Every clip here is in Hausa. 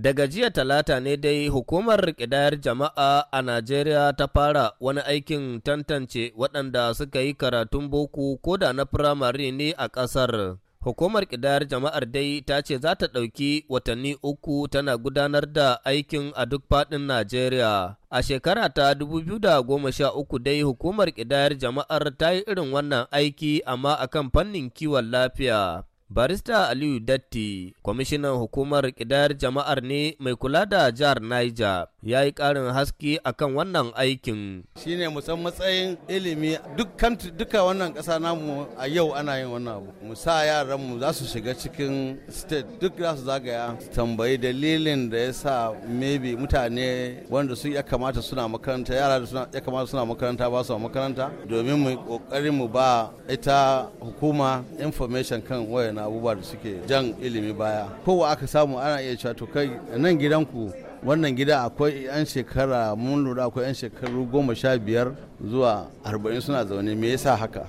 Daga jiya talata ne dai hukumar ƙidayar jama'a a Najeriya ta fara wani aikin tantance waɗanda suka yi karatun boko ko da na firamare ne a ƙasar. Hukumar ƙidayar jama'ar dai ta ce za ta ɗauki watanni uku tana gudanar da aikin a duk faɗin Najeriya. A shekara ta 2013 dai hukumar ƙidayar jama'ar ta yi irin wannan aiki amma akan fannin kiwon lafiya. Barista Aliyu Datti, kwamishinan hukumar ƙidayar jama'ar ne mai kula da jihar Niger, ya yi ƙarin haske kan wannan aikin. Shi ne musan matsayin ilimi dukkan duka wannan ƙasa namu a yau ana yin wannan abu. Mu sa mu za su shiga cikin state duk za su zagaya tambayi dalilin da ya sa maybe mutane wanda su ya kamata suna makaranta yara da ya kamata suna makaranta ba su makaranta domin mu ƙoƙarin mu ba ita hukuma information kan wayan abubuwa da suke jan ilimi baya. Kowa aka samu ana iya cewa to kai nan gidanku wannan gida akwai 'yan shekara mun lura akwai 'yan shekaru goma sha biyar zuwa arba'in suna zaune me yasa haka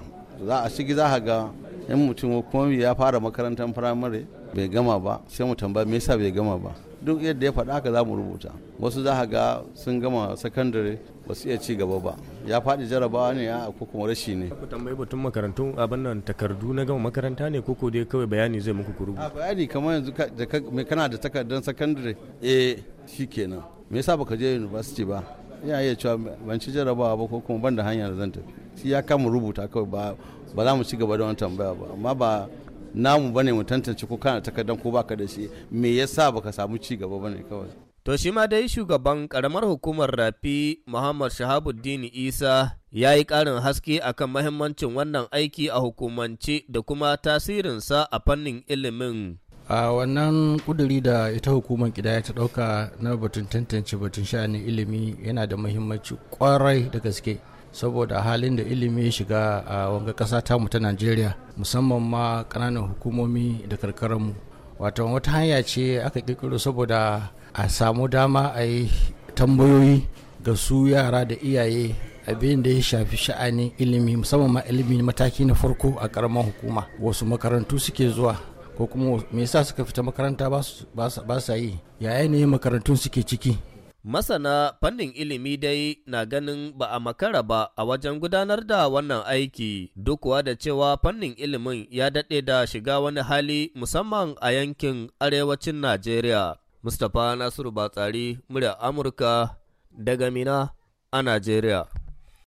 za a shigi za a ga in mutum ko ya fara makarantar firamare bai gama ba sai mu tambaya me yasa bai gama ba duk yadda ya faɗa haka za mu rubuta wasu za a ga sun gama sakandare ba su iya ci gaba ba ya faɗi jarabawa ne ya ko kuma rashi ne ku tambayi batun makarantun abin nan takardu na gama makaranta ne ko dai kawai bayani zai muku ku rubuta bayani kamar yanzu kana da takardar sakandare eh shi kenan me yasa baka je university ba ina iya cewa ban ci jarabawa ba ko kuma ban da hanyar zan tafi shi ya kama rubuta kawai ba za mu ci gaba da wani tambaya ba amma ba namu bane mu tantance ko kana takardar ko baka da shi me yasa baka samu ci gaba bane kawai To shi ma dai shugaban karamar hukumar rafi Muhammad Shahabuddin Isa ya yi karin haske akan mahimmancin wannan aiki a hukumance da kuma tasirinsa a fannin ilimin. a wannan kuduri da ita hukumar kidaya ta dauka na batun tantance batun sha'anin ilimi yana da muhimmanci kwarai da gaske saboda halin da ilimi ya shiga a wanga kasa mu ta najeriya musamman ma kananan hukumomi da karkararmu wato wata hanya ce aka kirkiro saboda a samu dama a yi tambayoyi ga su yara da iyaye abin da ya shafi sha'anin ilimi musamman ma ilimi mataki na farko a karamar hukuma wasu makarantu suke zuwa ko kuma me yasa suka fita makaranta ba sa yi yaya ne makarantun suke ciki masana fannin ilimi dai na ganin ba a makara ba a wajen gudanar da wannan aiki duk kuwa da cewa fannin ilimin ya daɗe da shiga wani hali musamman a yankin arewacin najeriya mustapha nasiru batsari murya amurka daga mina a najeriya